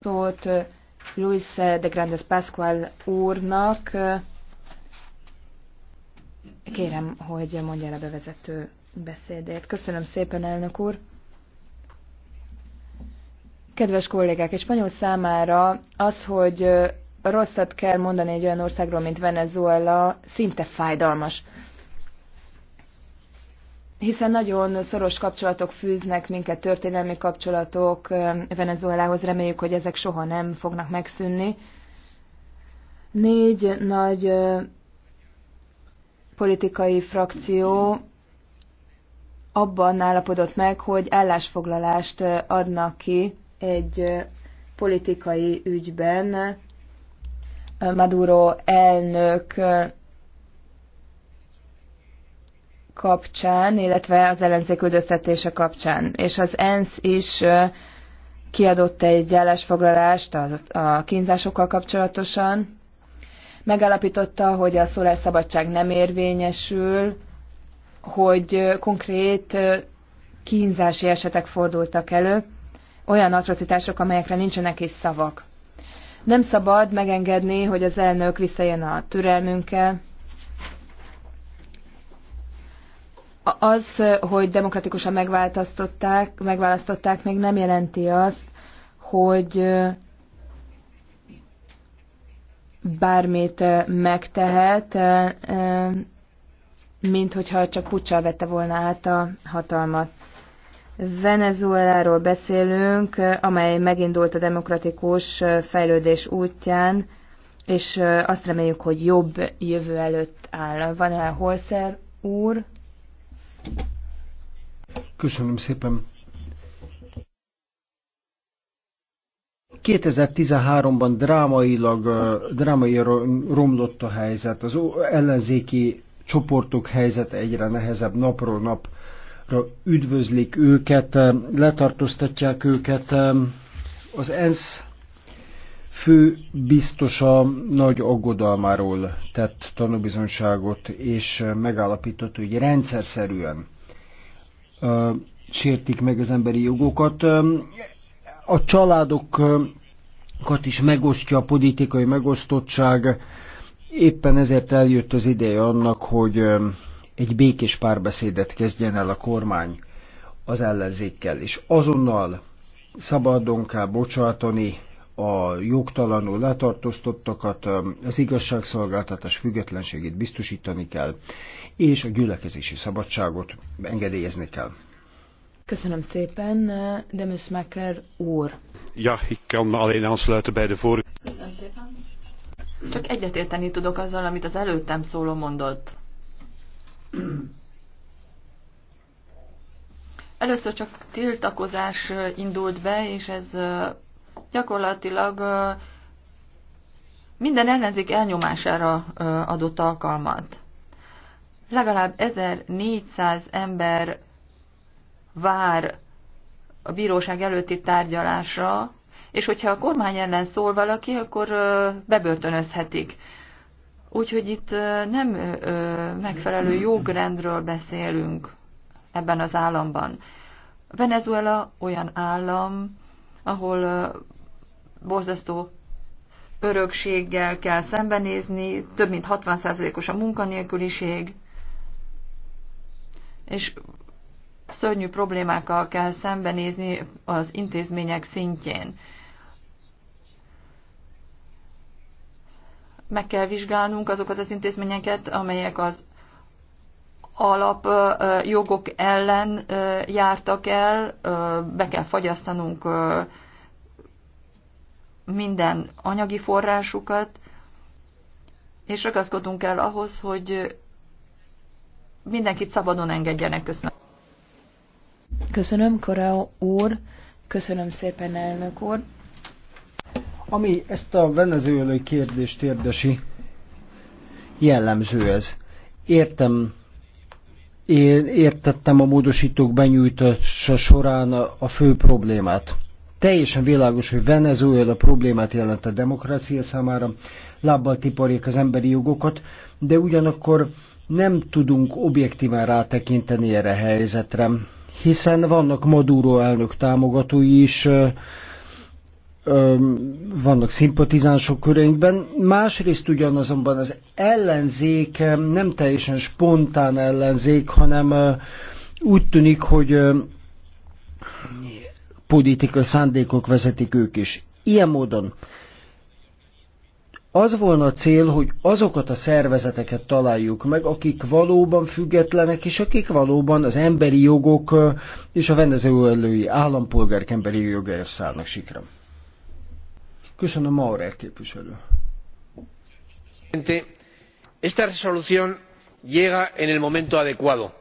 szót Luis de Grandes Pascual úrnak. Kérem, hogy mondja el a bevezető beszédét. Köszönöm szépen, elnök úr. Kedves kollégák, és spanyol számára az, hogy rosszat kell mondani egy olyan országról, mint Venezuela, szinte fájdalmas hiszen nagyon szoros kapcsolatok fűznek minket, történelmi kapcsolatok Venezuelához, reméljük, hogy ezek soha nem fognak megszűnni. Négy nagy politikai frakció abban állapodott meg, hogy állásfoglalást adnak ki egy politikai ügyben. Maduro elnök kapcsán, illetve az ellenzék üldöztetése kapcsán. És az ENSZ is kiadott egy állásfoglalást a kínzásokkal kapcsolatosan. Megállapította, hogy a szólásszabadság nem érvényesül, hogy konkrét kínzási esetek fordultak elő, olyan atrocitások, amelyekre nincsenek is szavak. Nem szabad megengedni, hogy az elnök visszajön a türelmünkkel, Az, hogy demokratikusan megváltoztatták, megválasztották, még nem jelenti azt, hogy bármit megtehet, mint hogyha csak puccsal vette volna át a hatalmat. Venezueláról beszélünk, amely megindult a demokratikus fejlődés útján, és azt reméljük, hogy jobb jövő előtt áll. Van e Holszer úr? Köszönöm szépen. 2013-ban drámailag, drámai romlott a helyzet, az ellenzéki csoportok helyzete egyre nehezebb napról napra üdvözlik őket, letartóztatják őket. Az ENSZ fő biztosa nagy aggodalmáról tett tanúbizonságot, és megállapított, hogy rendszer szerűen sértik meg az emberi jogokat. A családokat is megosztja a politikai megosztottság. Éppen ezért eljött az ideje annak, hogy egy békés párbeszédet kezdjen el a kormány az ellenzékkel, és azonnal szabadon kell bocsátani a jogtalanul letartóztottakat, az igazságszolgáltatás függetlenségét biztosítani kell, és a gyülekezési szabadságot engedélyezni kell. Köszönöm szépen, Demis Mekker úr. Ja, ik alén a aansluiten bij de Köszönöm szépen. Csak egyetérteni tudok azzal, amit az előttem szóló mondott. Először csak tiltakozás indult be, és ez gyakorlatilag minden ellenzék elnyomására adott alkalmat. Legalább 1400 ember vár a bíróság előtti tárgyalásra, és hogyha a kormány ellen szól valaki, akkor bebörtönözhetik. Úgyhogy itt nem megfelelő jogrendről beszélünk ebben az államban. Venezuela olyan állam, ahol borzasztó örökséggel kell szembenézni, több mint 60%-os a munkanélküliség, és szörnyű problémákkal kell szembenézni az intézmények szintjén. Meg kell vizsgálnunk azokat az intézményeket, amelyek az alapjogok ellen jártak el, be kell fagyasztanunk minden anyagi forrásukat, és ragaszkodunk el ahhoz, hogy mindenkit szabadon engedjenek. Köszönöm. Köszönöm, Kora úr. Köszönöm szépen, elnök úr. Ami ezt a venezuelai kérdést érdesi, jellemző ez. Értem én értettem a módosítók benyújtása során a fő problémát. Teljesen világos, hogy Venezuela problémát jelent a demokrácia számára, lábbal tiparják az emberi jogokat, de ugyanakkor nem tudunk objektíven rátekinteni erre a helyzetre, hiszen vannak Maduro elnök támogatói is, vannak szimpatizánsok köreinkben, másrészt ugyanazonban az ellenzék nem teljesen spontán ellenzék, hanem úgy tűnik, hogy politikai szándékok vezetik ők is. Ilyen módon az volna a cél, hogy azokat a szervezeteket találjuk meg, akik valóban függetlenek, és akik valóban az emberi jogok és a venezuelai állampolgárk emberi jogai szállnak sikra. Köszönöm, Maurer képviselő. Esta resolución llega en el momento adecuado.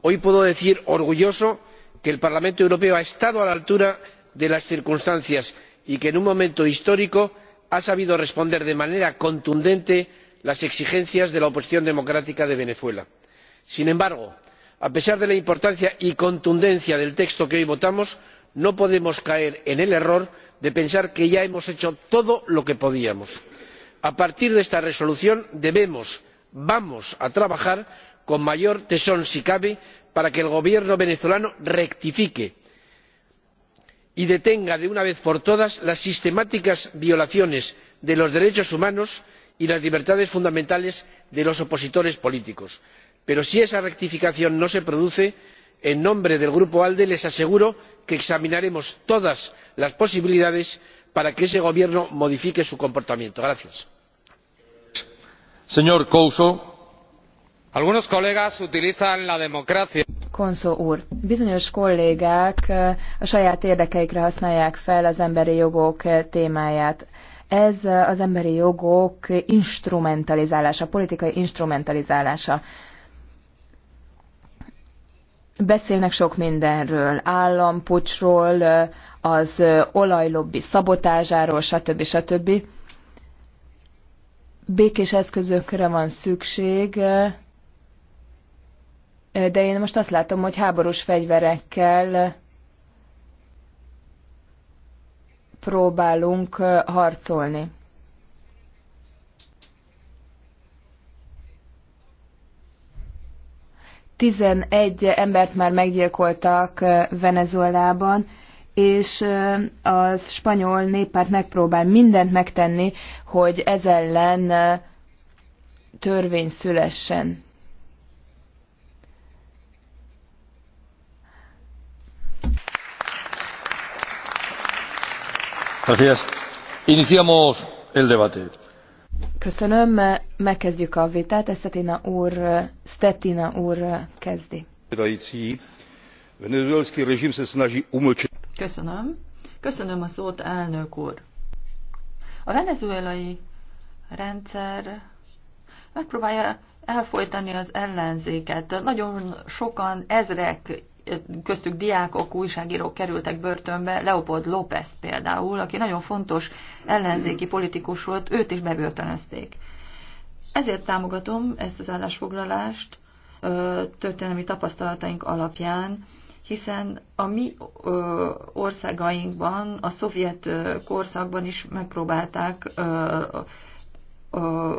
Hoy puedo decir orgulloso que el Parlamento Europeo ha estado a la altura de las circunstancias y que en un momento histórico ha sabido responder de manera contundente las exigencias de la oposición democrática de venezuela. sin embargo a pesar de la importancia y contundencia del texto que hoy votamos no podemos caer en el error de pensar que ya hemos hecho todo lo que podíamos. a partir de esta resolución debemos vamos a trabajar con mayor tesón si cabe para que el gobierno venezolano rectifique y detenga de una vez por todas las sistemáticas violaciones de los derechos humanos y las libertades fundamentales de los opositores políticos. pero si esa rectificación no se produce en nombre del grupo alde les aseguro que examinaremos todas las posibilidades para que ese gobierno modifique su comportamiento. couso úr bizonyos kollégák eh, a saját érdekeikre használják fel az emberi jogok eh, témáját. ez eh, az emberi jogok instrumentalizálása politikai instrumentalizálása. Beszélnek sok mindenről, állampucsról, az olajlobbi szabotázsáról, stb. stb. Békés eszközökre van szükség, de én most azt látom, hogy háborús fegyverekkel próbálunk harcolni. 11 embert már meggyilkoltak Venezuelában, és az spanyol néppárt megpróbál mindent megtenni, hogy ez ellen törvény szülessen. Gracias. Iniciamos el debate Köszönöm, megkezdjük a vitát. Estetina úr, Stetina úr kezdi. Köszönöm. Köszönöm a szót, elnök úr. A venezuelai rendszer megpróbálja elfolytani az ellenzéket. Nagyon sokan, ezrek köztük diákok, újságírók kerültek börtönbe, Leopold López például, aki nagyon fontos ellenzéki politikus volt, őt is bebörtönözték. Ezért támogatom ezt az állásfoglalást történelmi tapasztalataink alapján, hiszen a mi országainkban, a szovjet korszakban is megpróbálták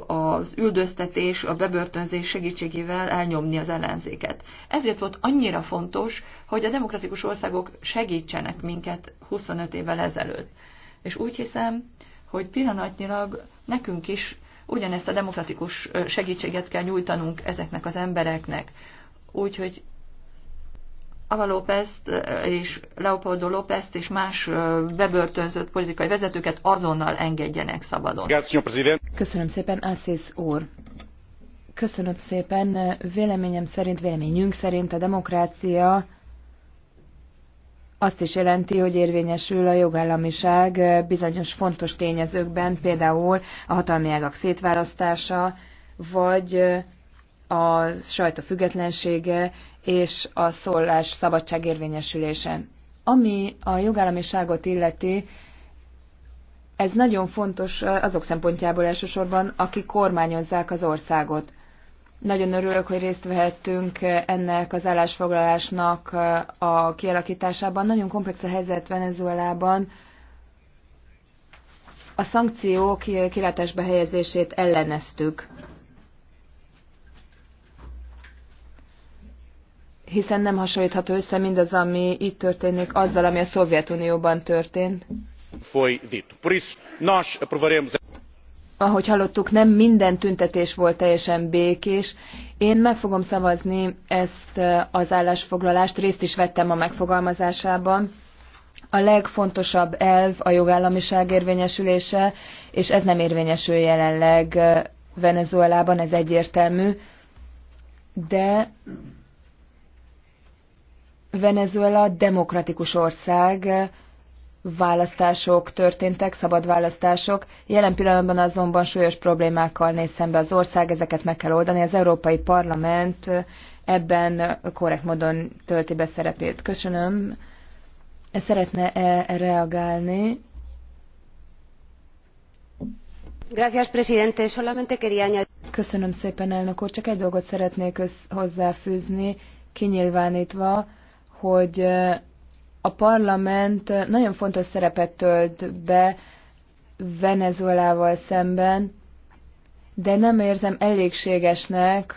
az üldöztetés, a bebörtönzés segítségével elnyomni az ellenzéket. Ezért volt annyira fontos, hogy a demokratikus országok segítsenek minket 25 évvel ezelőtt. És úgy hiszem, hogy pillanatnyilag nekünk is ugyanezt a demokratikus segítséget kell nyújtanunk ezeknek az embereknek. Úgyhogy Ava Lópezt és Leopoldo Lópezt és más bebörtönzött politikai vezetőket azonnal engedjenek szabadon. Köszönöm szépen, Assis úr. Köszönöm szépen. Véleményem szerint, véleményünk szerint a demokrácia azt is jelenti, hogy érvényesül a jogállamiság bizonyos fontos tényezőkben, például a hatalmi ágak szétválasztása, vagy a sajtó függetlensége és a szólás szabadság érvényesülése. Ami a jogállamiságot illeti, ez nagyon fontos eh, azok szempontjából elsősorban, akik kormányozzák az országot. Nagyon örülök, hogy részt vehettünk ennek az állásfoglalásnak eh, a kialakításában. Nagyon komplex a helyzet Venezuelában. A szankciók kilátásba helyezését elleneztük. hiszen nem hasonlítható össze mindaz, ami itt történik, azzal, ami a Szovjetunióban történt. Foi dito. Por isso, nós aprovaremos ahogy hallottuk, nem minden tüntetés volt teljesen békés. Én meg fogom szavazni ezt eh, az állásfoglalást, részt is vettem a megfogalmazásában. A legfontosabb elv a jogállamiság érvényesülése, és ez nem érvényesül jelenleg eh, Venezuelában, ez egyértelmű. De Venezuela demokratikus ország, választások történtek, szabad választások. Jelen pillanatban azonban súlyos problémákkal néz szembe az ország, ezeket meg kell oldani. Az Európai Parlament ebben korrekt módon tölti be szerepét. Köszönöm. Szeretne -e reagálni? Gracias, presidente. Solamente quería añadir... Köszönöm szépen, elnök úr. Csak egy dolgot szeretnék hozzáfűzni, kinyilvánítva, hogy a parlament nagyon fontos szerepet tölt be Venezuelával szemben, de nem érzem elégségesnek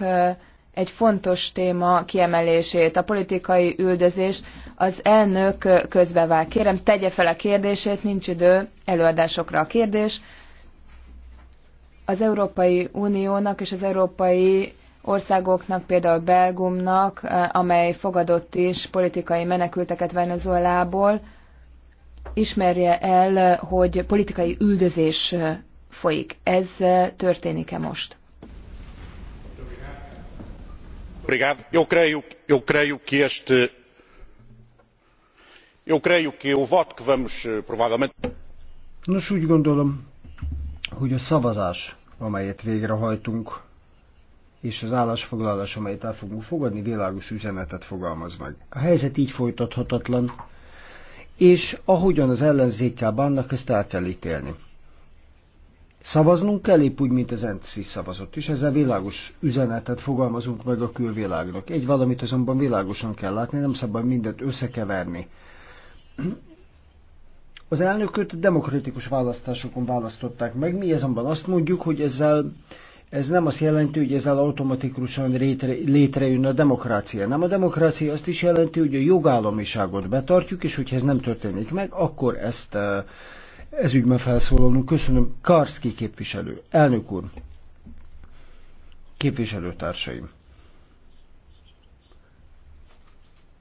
egy fontos téma kiemelését, a politikai üldözés. Az elnök közbevág. Kérem, tegye fel a kérdését, nincs idő előadásokra a kérdés. Az Európai Uniónak és az Európai országoknak, például Belgiumnak, eh, amely fogadott is politikai menekülteket Venezuelából, ismerje el, hogy politikai üldözés eh, folyik. Ez eh, történik-e most? Nos úgy gondolom, hogy a szavazás, amelyet végrehajtunk, és az állásfoglalás, amelyet el fogunk fogadni, világos üzenetet fogalmaz meg. A helyzet így folytathatatlan, és ahogyan az ellenzékkel bánnak, ezt el kell ítélni. Szavaznunk kell épp úgy, mint az NC szavazott, és ezzel világos üzenetet fogalmazunk meg a külvilágnak. Egy valamit azonban világosan kell látni, nem szabad mindent összekeverni. Az elnököt demokratikus választásokon választották meg, mi azonban azt mondjuk, hogy ezzel ez nem azt jelenti, hogy ezzel automatikusan létre, létrejön a demokrácia. Nem a demokrácia azt is jelenti, hogy a jogállamiságot betartjuk, és hogyha ez nem történik meg, akkor ezt eh, ez ügyben felszólalunk. Köszönöm. Karszki képviselő, elnök úr, képviselőtársaim.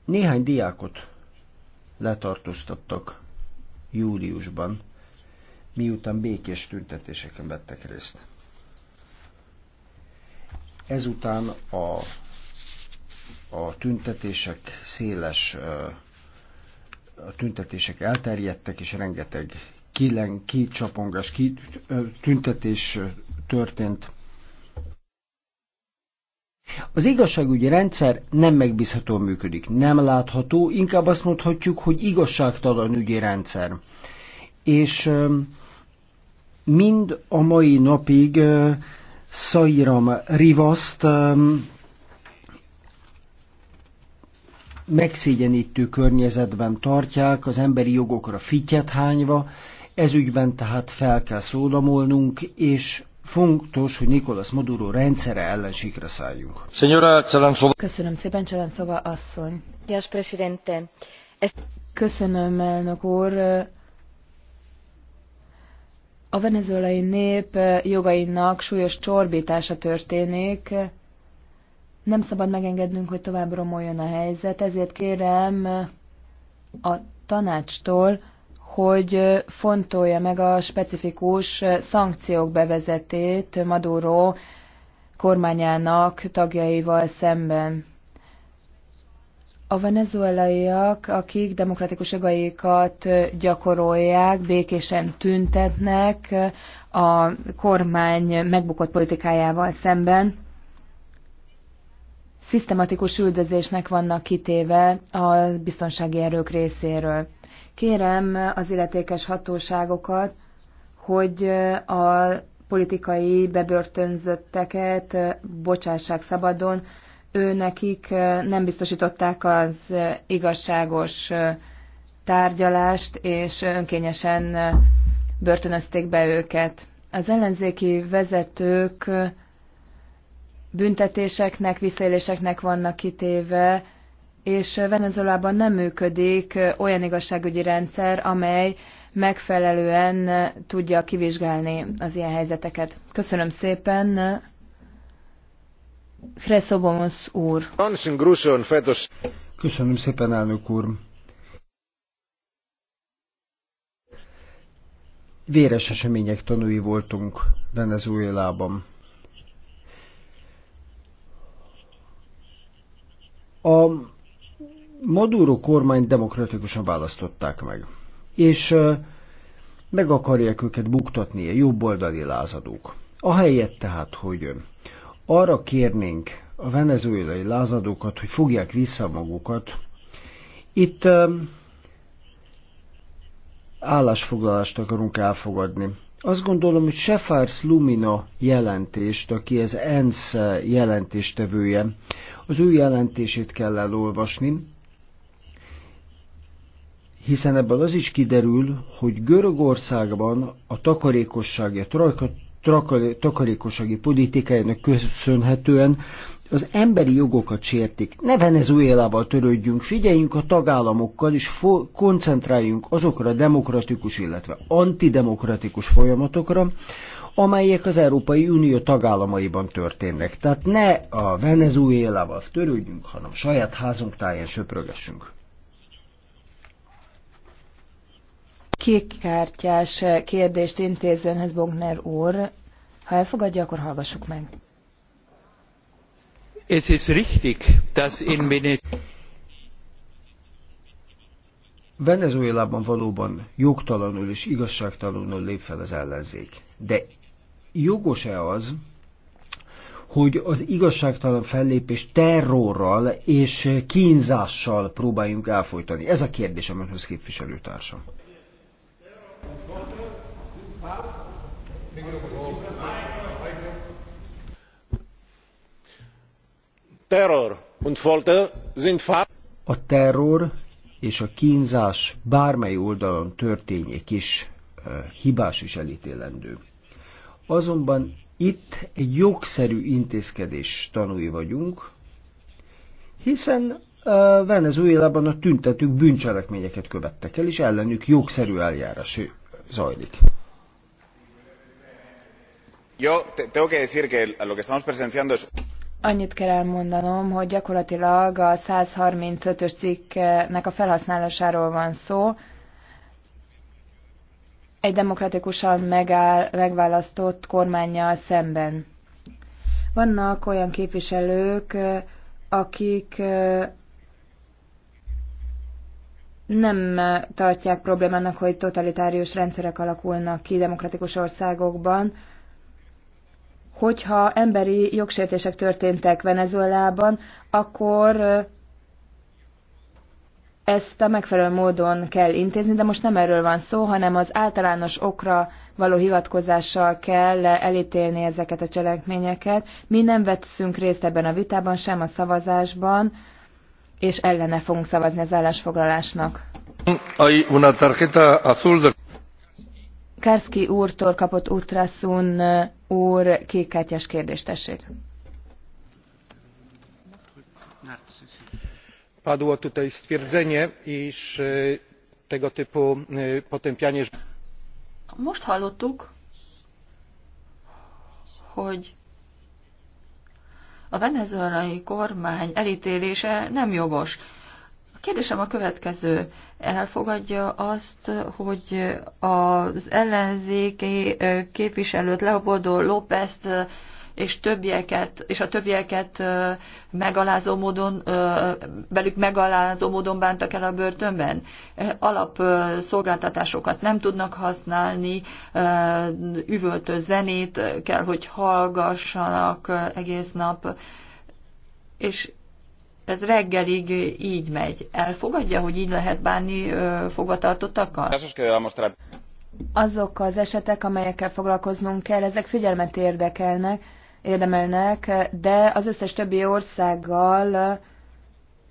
Néhány diákot letartóztattak júliusban, miután békés tüntetéseken vettek részt. Ezután a, a tüntetések széles, a tüntetések elterjedtek, és rengeteg kilen, kicsapongás, ki, tüntetés történt. Az igazságügyi rendszer nem megbízható működik, nem látható, inkább azt mondhatjuk, hogy igazságtalan ügyi rendszer. És mind a mai napig Szairam Rivaszt um, megszégyenítő környezetben tartják, az emberi jogokra fityet hányva, ezügyben tehát fel kell szólamolnunk, és fontos, hogy Nikolas Maduro rendszere ellenségre szálljunk. Köszönöm szépen, Cselenszova asszony. Köszönöm, elnök úr a venezuelai nép eh, jogainak súlyos csorbítása történik. Nem szabad megengednünk, hogy tovább romoljon a helyzet, ezért kérem eh, a tanácstól, hogy eh, fontolja meg a specifikus szankciók bevezetét Maduro kormányának tagjaival szemben a venezuelaiak, akik demokratikus jogaikat gyakorolják, békésen tüntetnek a kormány megbukott politikájával szemben, szisztematikus üldözésnek vannak kitéve a biztonsági erők részéről. Kérem az illetékes hatóságokat, hogy a politikai bebörtönzötteket bocsássák szabadon, ő nekik nem biztosították az igazságos tárgyalást, és önkényesen börtönözték be őket. Az ellenzéki vezetők büntetéseknek, visszaéléseknek vannak kitéve, és Venezuelában nem működik olyan igazságügyi rendszer, amely megfelelően tudja kivizsgálni az ilyen helyzeteket. Köszönöm szépen! Kresszobomos úr. Köszönöm szépen, elnök úr. Véres események tanúi voltunk Venezuelában. A Maduro kormány demokratikusan választották meg, és meg akarják őket buktatni a jobboldali lázadók. helyet tehát, hogy arra kérnénk a venezuelai lázadókat, hogy fogják vissza magukat. Itt um, állásfoglalást akarunk elfogadni. Azt gondolom, hogy Sefárs Lumina jelentést, aki az ENSZ jelentéstevője, az ő jelentését kell elolvasni, hiszen ebből az is kiderül, hogy Görögországban a takarékosság, a takarékosági politikájának köszönhetően az emberi jogokat sértik. Ne Venezuelával törődjünk, figyeljünk a tagállamokkal, és koncentráljunk azokra a demokratikus, illetve antidemokratikus folyamatokra, amelyek az Európai Unió tagállamaiban történnek. Tehát ne a Venezuelával törődjünk, hanem saját házunk táján söprögessünk. Kékkártyás kérdést intézőnhez Bogner úr. Ha elfogadja, akkor hallgassuk meg. Es ist richtig, dass in Venezuelában valóban jogtalanul és igazságtalanul lép fel az ellenzék. De jogos-e az, hogy az igazságtalan fellépés terrorral és kínzással próbáljunk elfolytani? Ez a kérdés, önhöz képviselőtársam. Terror und Folter sind A terror és a kínzás bármely oldalon történik is hibás és elítélendő. Azonban itt egy jogszerű intézkedés tanúi vagyunk, hiszen Venezuelában a tüntetők bűncselekményeket követtek el, és ellenük jogszerű eljárás zajlik. Yo tengo que decir que lo que estamos presenciando es Annyit kell elmondanom, hogy gyakorlatilag a 135-ös cikknek a felhasználásáról van szó. Egy demokratikusan megáll, megválasztott kormányjal szemben. Vannak olyan képviselők, akik nem tartják problémának, hogy totalitárius rendszerek alakulnak ki demokratikus országokban, hogyha emberi jogsértések történtek Venezuelában, akkor ezt a megfelelő módon kell intézni, de most nem erről van szó, hanem az általános okra való hivatkozással kell elítélni ezeket a cselekményeket. Mi nem vettünk részt ebben a vitában, sem a szavazásban, és ellene fogunk szavazni az állásfoglalásnak. Hay una tarjeta azul de... Kerszki úrtól kapott Utrasun úr kékkártyás kérdést, tessék. Padło tutaj stwierdzenie, iż e, tego typu e, potępianie... Most hallottuk, hogy a venezuelai kormány elítélése nem jogos. A kérdésem a következő. Elfogadja azt, hogy az ellenzéki képviselőt Leopoldo lópez és többieket, és a többieket megalázó módon, belük megalázó módon bántak el a börtönben. Alap szolgáltatásokat nem tudnak használni, üvöltő zenét kell, hogy hallgassanak egész nap, és ez reggelig így megy. Elfogadja, hogy így lehet bánni fogvatartottakkal? Azok az esetek, amelyekkel foglalkoznunk kell, ezek figyelmet érdekelnek, érdemelnek, de az összes többi országgal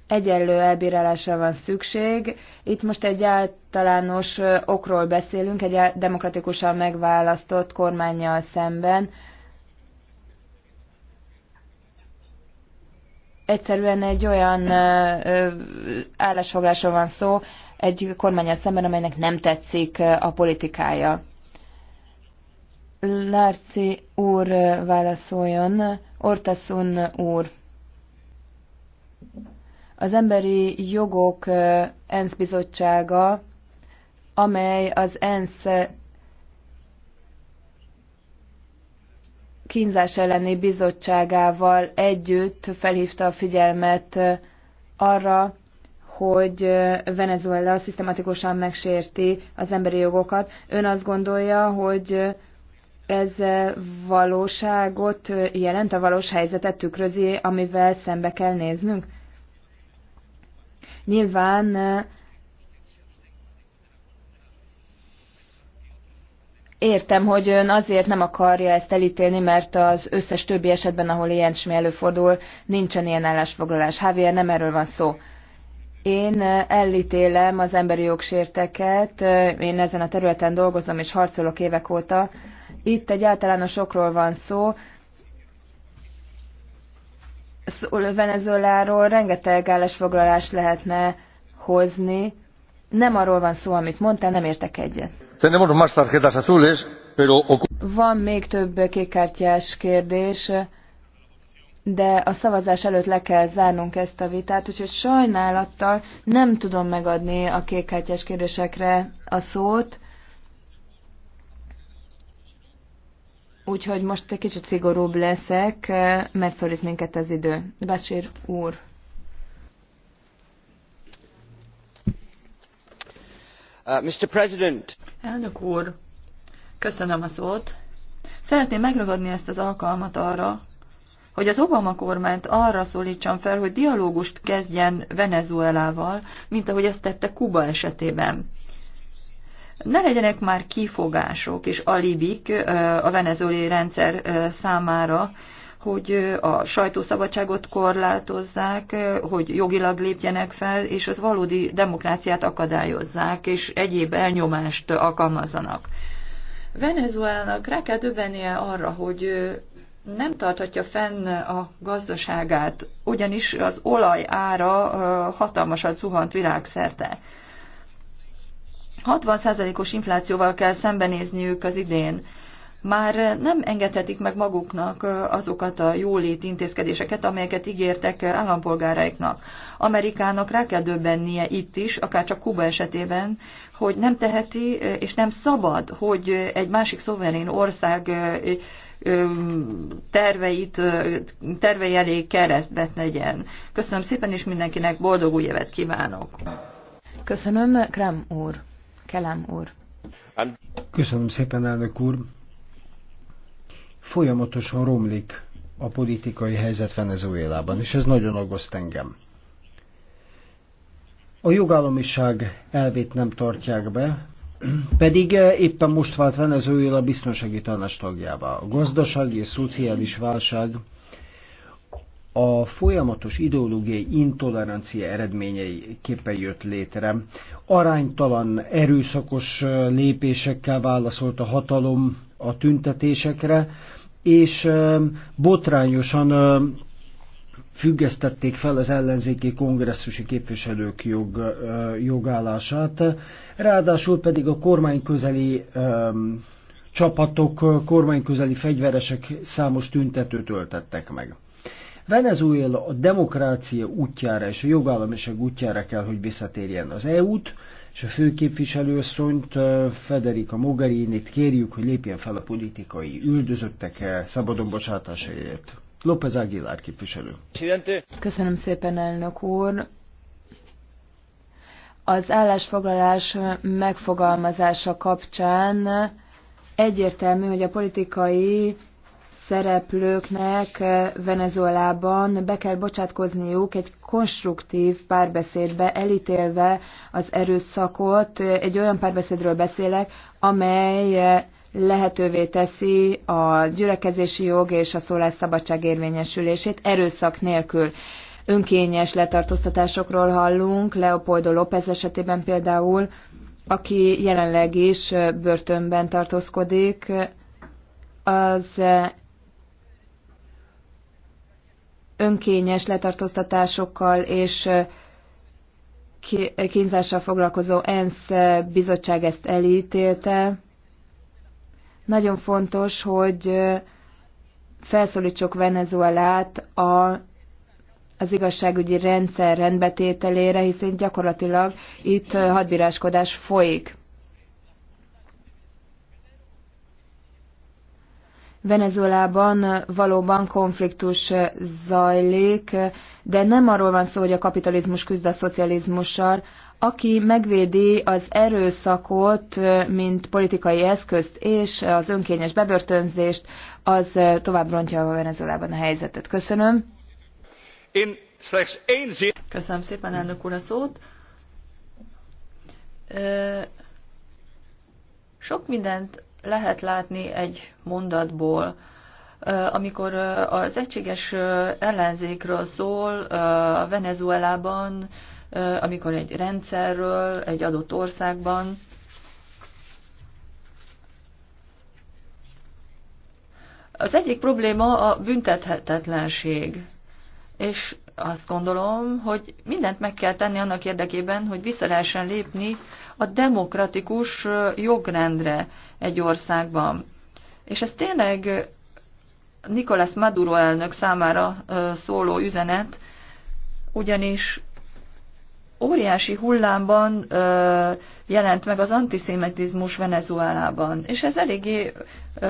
egyenlő elbírálásra van szükség. Itt most egy általános okról beszélünk, egy demokratikusan megválasztott kormányjal szemben, Egyszerűen egy olyan állásfoglásról van szó, egy kormányát szemben, amelynek nem tetszik a politikája. Lárci úr válaszoljon, Ortaszun úr. Az Emberi Jogok ENSZ Bizottsága, amely az ENSZ kínzás elleni bizottságával együtt felhívta a figyelmet arra, hogy Venezuela szisztematikusan megsérti az emberi jogokat. Ön azt gondolja, hogy ez valóságot jelent, a valós helyzetet tükrözi, amivel szembe kell néznünk? Nyilván Értem, hogy ön azért nem akarja ezt elítélni, mert az összes többi esetben, ahol smi előfordul, nincsen ilyen állásfoglalás. Hávér, nem erről van szó. Én eh, elítélem az emberi jogsérteket, eh, én ezen a területen dolgozom és harcolok évek óta. Itt egy általánosokról van szó, Venezueláról rengeteg állásfoglalást lehetne hozni. Nem arról van szó, amit mondtál, nem értek egyet. Van még több kékkártyás kérdés, de a szavazás előtt le kell zárnunk ezt a vitát, úgyhogy sajnálattal nem tudom megadni a kékkártyás kérdésekre a szót. Úgyhogy most egy kicsit szigorúbb leszek, mert szorít minket az idő. Basír úr. Uh, Mr. President. Elnök úr, köszönöm a szót. Szeretném megragadni ezt az alkalmat arra, hogy az Obama kormányt arra szólítsam fel, hogy dialógust kezdjen Venezuelával, mint ahogy ezt tette Kuba esetében. Ne legyenek már kifogások és alibik a venezuelai rendszer számára, hogy a sajtószabadságot korlátozzák, hogy jogilag lépjenek fel, és az valódi demokráciát akadályozzák, és egyéb elnyomást alkalmazzanak. Venezuelának rá kell döbbennie arra, hogy nem tarthatja fenn a gazdaságát, ugyanis az olaj ára hatalmasan zuhant világszerte. 60%-os inflációval kell szembenézniük az idén már nem engedhetik meg maguknak azokat a jólét intézkedéseket, amelyeket ígértek állampolgáraiknak. Amerikának rá kell döbbennie itt is, akár csak Kuba esetében, hogy nem teheti és nem szabad, hogy egy másik szoverén ország terveit, tervei elé keresztbe legyen. Köszönöm szépen, és mindenkinek boldog új évet kívánok! Köszönöm, Krem úr. Kelem úr. Köszönöm szépen, elnök úr folyamatosan romlik a politikai helyzet Venezuelában, és ez nagyon aggaszt engem. A jogállamiság elvét nem tartják be, pedig éppen most vált Venezuela biztonsági tanács tagjává. A gazdasági és szociális válság a folyamatos ideológiai intolerancia eredményeiképpen jött létre. Aránytalan, erőszakos lépésekkel válaszolt a hatalom a tüntetésekre, és botrányosan függesztették fel az ellenzéki kongresszusi képviselők jog, jogállását, ráadásul pedig a kormány közeli csapatok, kormány közeli fegyveresek számos tüntetőt öltettek meg. Venezuela a demokrácia útjára és a jogállamiság útjára kell, hogy visszatérjen az EU-t, és a főképviselőasszonyt, Federica Mogherinit kérjük, hogy lépjen fel a politikai üldözöttek eh, szabadon bocsátásáért. López Aguilar képviselő. Köszönöm szépen, elnök úr. Az állásfoglalás megfogalmazása kapcsán egyértelmű, hogy a politikai szereplőknek eh, Venezuelában be kell bocsátkozniuk egy konstruktív párbeszédbe, elítélve az erőszakot. Egy olyan párbeszédről beszélek, amely eh, lehetővé teszi a gyülekezési jog és a szólásszabadság érvényesülését erőszak nélkül. Önkényes letartóztatásokról hallunk, Leopoldo López esetében például, aki jelenleg is eh, börtönben tartózkodik, az önkényes letartóztatásokkal és kínzással foglalkozó ENSZ bizottság ezt elítélte. Nagyon fontos, hogy felszólítsuk Venezuelát a, az igazságügyi rendszer rendbetételére, hiszen gyakorlatilag itt hadbíráskodás folyik. Venezuelában valóban konfliktus zajlik, de nem arról van szó, hogy a kapitalizmus küzd a szocializmussal. Aki megvédi az erőszakot, mint politikai eszközt és az önkényes bebörtönzést, az tovább rontja a Venezuelában a helyzetet. Köszönöm. Köszönöm szépen, elnök úr, a szót. Sok mindent lehet látni egy mondatból. Amikor az egységes ellenzékről szól a Venezuelában, amikor egy rendszerről, egy adott országban, Az egyik probléma a büntethetetlenség és azt gondolom, hogy mindent meg kell tenni annak érdekében, hogy vissza lehessen lépni a demokratikus jogrendre egy országban. És ez tényleg Nicolás Maduro elnök számára szóló üzenet, ugyanis óriási hullámban jelent meg az antiszemitizmus Venezuelában. És ez eléggé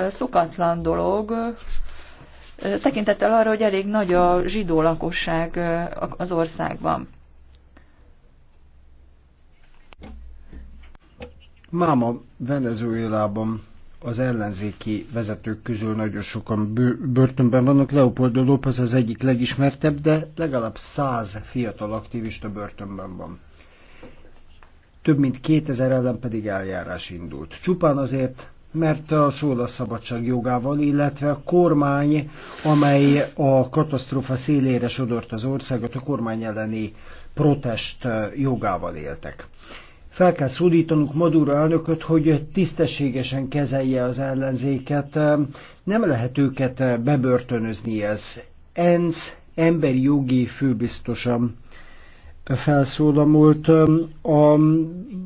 szokatlan dolog, tekintettel arra, hogy elég nagy a zsidó lakosság az országban. Máma Venezuelában az ellenzéki vezetők közül nagyon sokan börtönben vannak. Leopoldo López az egyik legismertebb, de legalább száz fiatal aktivista börtönben van. Több mint 2000 ellen pedig eljárás indult. Csupán azért, mert a szólásszabadság jogával, illetve a kormány, amely a katasztrófa szélére sodort az országot, a kormány elleni protest jogával éltek. Fel kell szólítanunk Maduro elnököt, hogy tisztességesen kezelje az ellenzéket. Nem lehet őket bebörtönözni ez. ENSZ emberi jogi főbiztosam felszólamult a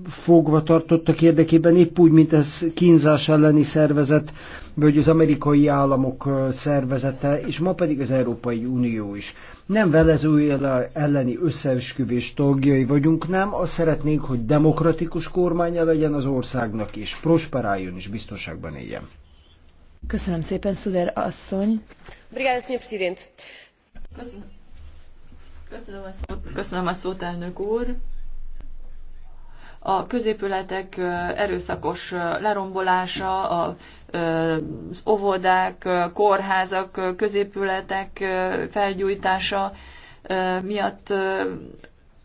fogvatartottak érdekében, épp úgy, mint ez kínzás elleni szervezet, vagy az amerikai államok szervezete, és ma pedig az Európai Unió is. Nem Venezuela elleni összeesküvés tagjai vagyunk, nem, azt szeretnénk, hogy demokratikus kormánya legyen az országnak, és prosperáljon és biztonságban éljen. Köszönöm szépen, Szuder asszony. Obrigada, Sr. Presidente. Köszönöm. Köszönöm a szót, Köszönöm a szót elnök úr. A középületek erőszakos lerombolása, az óvodák, kórházak, középületek felgyújtása miatt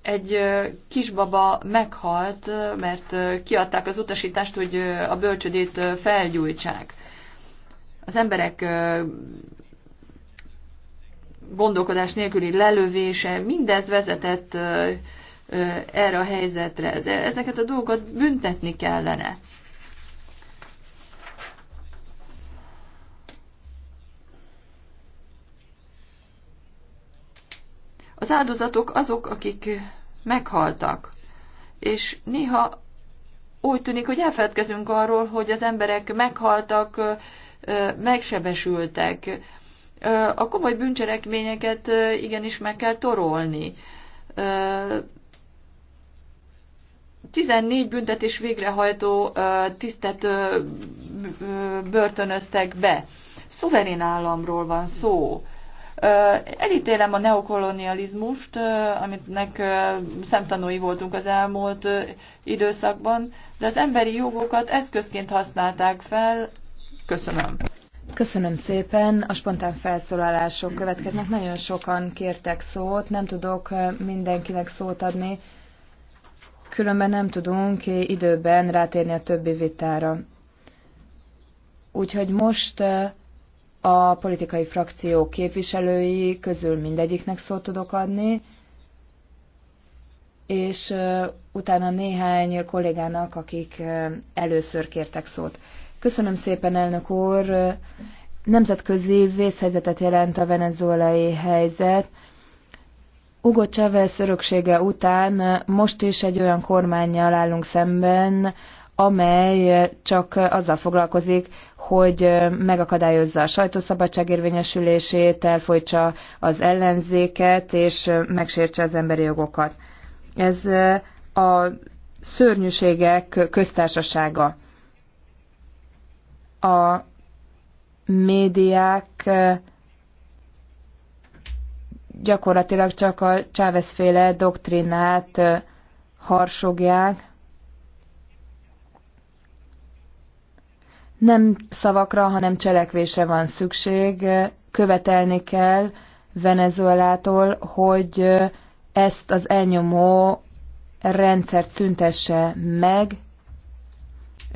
egy kisbaba meghalt, mert kiadták az utasítást, hogy a bölcsödét felgyújtsák. Az emberek gondolkodás nélküli lelövése, mindez vezetett erre a helyzetre, de ezeket a dolgokat büntetni kellene. Az áldozatok azok, akik meghaltak, és néha úgy tűnik, hogy elfeledkezünk arról, hogy az emberek meghaltak, megsebesültek, a komoly bűncselekményeket igenis meg kell torolni. 14 büntetés végrehajtó tisztet börtönöztek be. Szuverén államról van szó. Elítélem a neokolonializmust, aminek szemtanúi voltunk az elmúlt időszakban, de az emberi jogokat eszközként használták fel. Köszönöm. Köszönöm szépen. A spontán felszólalások következnek. Nagyon sokan kértek szót, nem tudok mindenkinek szót adni, különben nem tudunk időben rátérni a többi vitára. Úgyhogy most a politikai frakció képviselői közül mindegyiknek szót tudok adni, és utána néhány kollégának, akik először kértek szót. Köszönöm szépen, elnök úr. Nemzetközi vészhelyzetet jelent a venezuelai helyzet. Hugo Chávez öröksége után most is egy olyan kormányjal állunk szemben, amely csak azzal foglalkozik, hogy megakadályozza a sajtószabadság érvényesülését, elfolytsa az ellenzéket, és megsértse az emberi jogokat. Ez a szörnyűségek köztársasága a médiák gyakorlatilag csak a Chávez féle doktrinát harsogják. Nem szavakra, hanem cselekvésre van szükség. Követelni kell Venezuelától, hogy ezt az elnyomó rendszert szüntesse meg,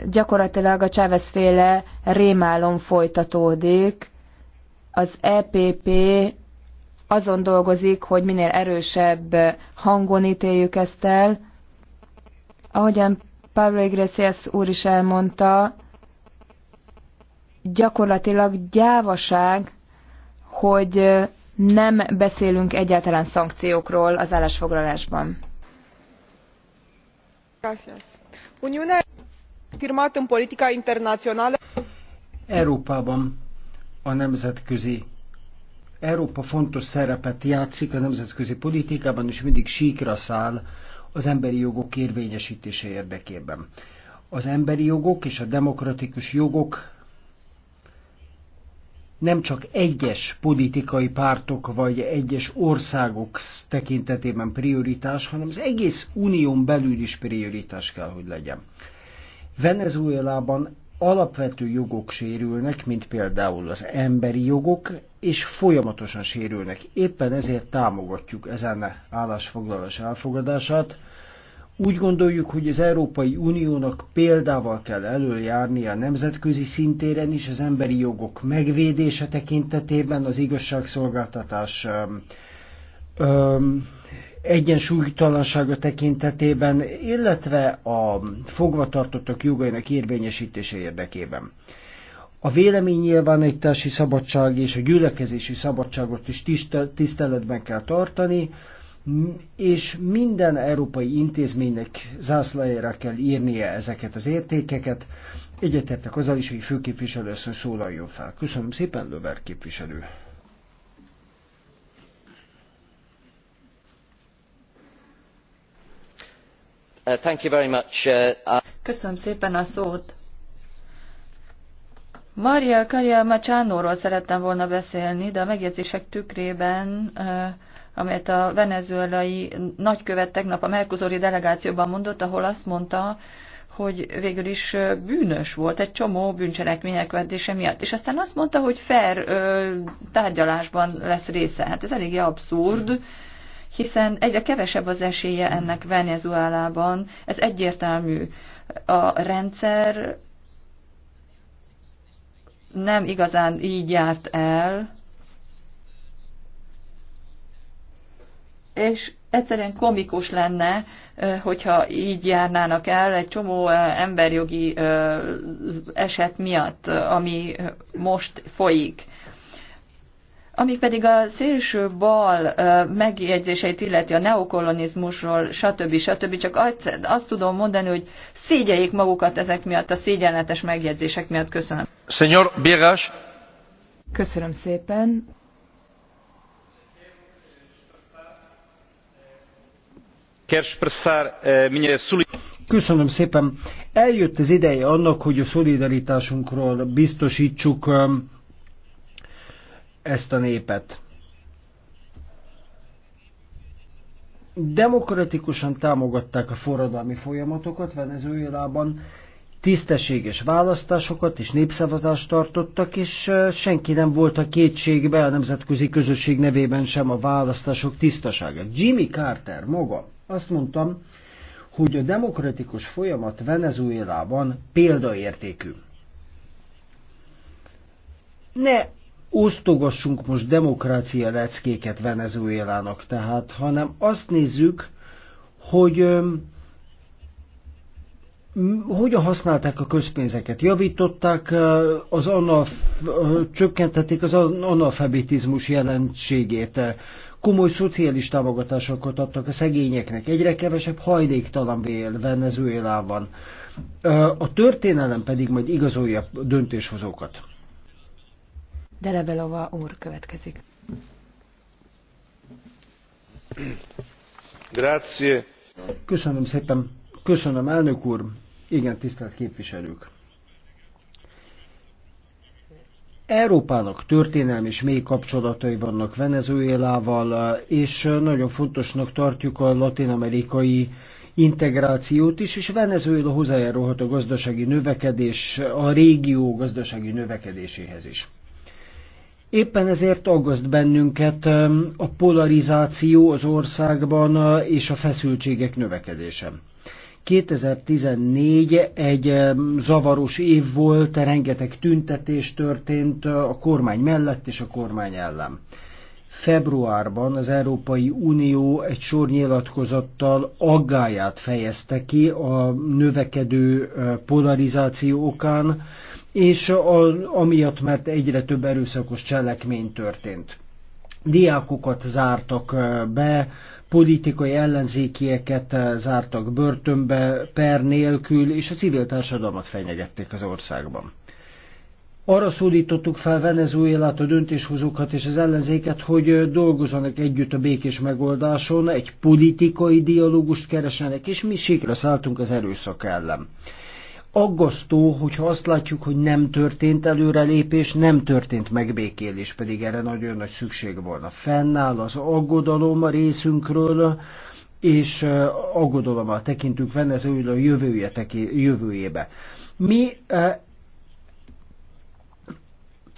gyakorlatilag a Chávez féle rémálom folytatódik. Az EPP azon dolgozik, hogy minél erősebb hangon ítéljük ezt el. Ahogyan Pablo Iglesias úr is elmondta, gyakorlatilag gyávaság, hogy nem beszélünk egyáltalán szankciókról az állásfoglalásban. Gracias firmat în politica internațională. Európában a nemzetközi Európa fontos szerepet játszik a nemzetközi politikában, és mindig síkra száll az emberi jogok érvényesítése érdekében. Az emberi jogok és a demokratikus jogok nem csak egyes politikai pártok vagy egyes országok tekintetében prioritás, hanem az egész unión belül is prioritás kell, hogy legyen. Venezuelában alapvető jogok sérülnek, mint például az emberi jogok, és folyamatosan sérülnek. Éppen ezért támogatjuk ezen állásfoglalás elfogadását. Úgy gondoljuk, hogy az Európai Uniónak példával kell előjárni a nemzetközi szintéren is az emberi jogok megvédése tekintetében, az igazságszolgáltatás um, um, egyensúlytalansága tekintetében, illetve a fogvatartottak jogainak érvényesítése érdekében. A véleménynyilvánítási szabadság és a gyülekezési szabadságot is tiszteletben kell tartani, és minden európai intézménynek zászlajára kell írnia ezeket az értékeket. Egyetértek azzal is, hogy főképviselő szólaljon fel. Köszönöm szépen, Löver képviselő. Uh, uh, uh, Köszönöm szépen a szót. Maria Caria Macsánóról szerettem volna beszélni, de a megjegyzések tükrében, amelyet a venezuelai nagykövet tegnap a Mercosuri delegációban mondott, ahol azt mondta, hogy végül is bűnös volt egy csomó bűncselekmények elkövetése miatt. És aztán azt mondta, hogy fair tárgyalásban lesz része. Hát ez eléggé abszurd. Mm hiszen egyre kevesebb az esélye ennek Venezuelában. Ez egyértelmű. A rendszer nem igazán így járt el, és egyszerűen komikus lenne, hogyha így járnának el egy csomó emberjogi eset miatt, ami most folyik. Ami pedig a szélső bal megjegyzéseit illeti a neokolonizmusról, stb. stb. csak azt tudom mondani, hogy szégyeljék magukat ezek miatt, a szégyenletes megjegyzések miatt. Köszönöm. Senyor Bírás. Köszönöm szépen. Köszönöm szépen. Eljött az ideje annak, hogy a szolidaritásunkról biztosítsuk ezt a népet. Demokratikusan támogatták a forradalmi folyamatokat Venezuelában, tisztességes választásokat és népszavazást tartottak, és senki nem volt a kétségbe a nemzetközi közösség nevében sem a választások tisztasága. Jimmy Carter maga azt mondtam, hogy a demokratikus folyamat Venezuelában példaértékű. Ne osztogassunk most demokrácia leckéket Venezuelának, tehát, hanem azt nézzük, hogy hogyan használták a közpénzeket? Javították, az analf, csökkentették az analfabetizmus jelenségét, komoly szociális támogatásokat adtak a szegényeknek, egyre kevesebb hajléktalan vél Venezuelában. A történelem pedig majd igazolja döntéshozókat. Delebelova úr következik. Grazie. Köszönöm szépen. Köszönöm, elnök úr. Igen, tisztelt képviselők. Európának történelmi és mély kapcsolatai vannak Venezuelával, és nagyon fontosnak tartjuk a latinamerikai integrációt is, és Venezuela hozzájárulhat a gazdasági növekedés, a régió gazdasági növekedéséhez is. Éppen ezért aggaszt bennünket a polarizáció az országban és a feszültségek növekedése. 2014 egy zavaros év volt, rengeteg tüntetés történt a kormány mellett és a kormány ellen. Februárban az Európai Unió egy sor nyilatkozattal aggáját fejezte ki a növekedő polarizáció okán, és a, amiatt, mert egyre több erőszakos cselekmény történt. Diákokat zártak eh, be, politikai ellenzékieket eh, zártak börtönbe per nélkül, és a civil társadalmat fenyegették az országban. Arra szólítottuk fel Venezuelát, a döntéshozókat és az ellenzéket, hogy eh, dolgozzanak együtt a békés megoldáson, egy politikai dialógust keresenek, és mi sikra szálltunk az erőszak ellen aggasztó, hogyha azt látjuk, hogy nem történt előrelépés, nem történt megbékélés, pedig erre nagyon nagy szükség volna. Fennáll az aggodalom a részünkről, és aggodalommal tekintünk a jövője teki, jövőjébe. Mi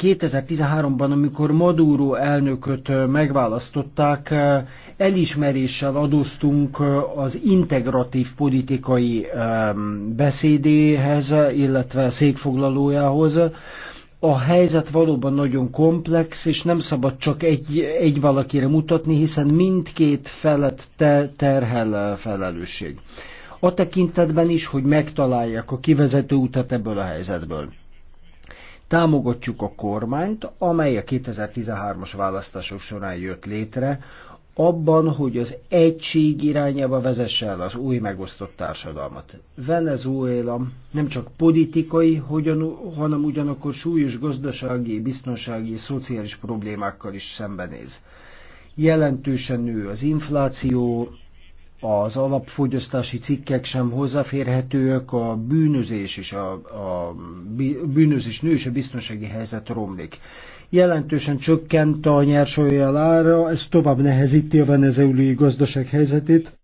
2013-ban, amikor Maduro elnököt megválasztották, elismeréssel adóztunk az integratív politikai beszédéhez, illetve székfoglalójához. A helyzet valóban nagyon komplex, és nem szabad csak egy, egy valakire mutatni, hiszen mindkét felett te, terhel felelősség. A tekintetben is, hogy megtalálják a kivezető utat ebből a helyzetből Támogatjuk a kormányt, amely a 2013-as választások során jött létre, abban, hogy az egység irányába vezesse el az új megosztott társadalmat. Venezuela nem csak politikai, hogyan, hanem ugyanakkor súlyos gazdasági, biztonsági, szociális problémákkal is szembenéz. Jelentősen nő az infláció, az alapfogyasztási cikkek sem hozzáférhetőek, a bűnözés és a, a bűnözés nő és a biztonsági helyzet romlik. Jelentősen csökkent a nyersolajjal ára, ez tovább nehezíti a venezuelai gazdaság helyzetét,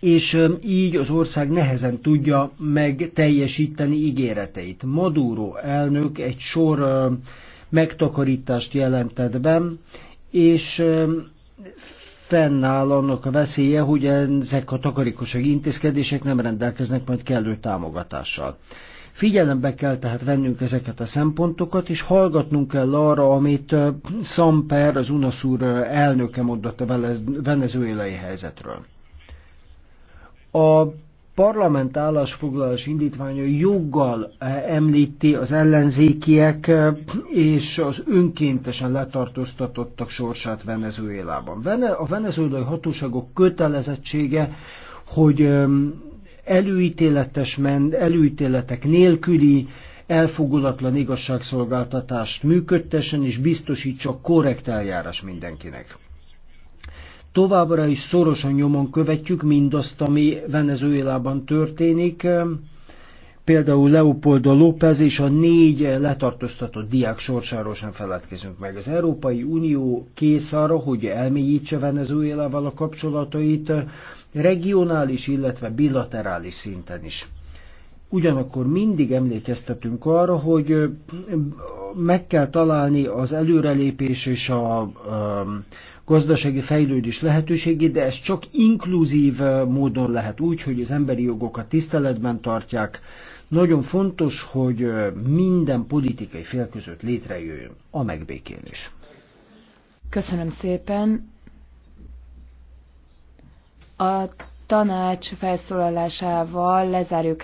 és így az ország nehezen tudja meg teljesíteni ígéreteit. Maduro elnök egy sor megtakarítást jelentett be, és fennáll annak a veszélye, hogy ezek a takarékossági intézkedések nem rendelkeznek majd kellő támogatással. Figyelembe kell tehát vennünk ezeket a szempontokat, és hallgatnunk kell arra, amit Samper, az UNASUR elnöke mondott a venezuelai helyzetről. A parlament állásfoglalás indítványa joggal eh, említi az ellenzékiek eh, és az önkéntesen letartóztatottak sorsát Venezuelában. A venezuelai hatóságok kötelezettsége, hogy előítéletes ment, előítéletek nélküli elfogulatlan igazságszolgáltatást működtessen és biztosítsa korrekt eljárás mindenkinek. Továbbra is szorosan nyomon követjük mindazt, ami Venezuelában történik, például Leopoldo López és a négy letartóztatott diák sorsáról sem feledkezünk meg. Az Európai Unió kész arra, hogy elmélyítse Venezuelával a kapcsolatait regionális, illetve bilaterális szinten is. Ugyanakkor mindig emlékeztetünk arra, hogy meg kell találni az előrelépés és a, gazdasági fejlődés lehetőségét, de ez csak inkluzív módon lehet úgy, hogy az emberi jogokat tiszteletben tartják. Nagyon fontos, hogy minden politikai fél között létrejöjjön a megbékélés. Köszönöm szépen. A tanács felszólalásával lezárjuk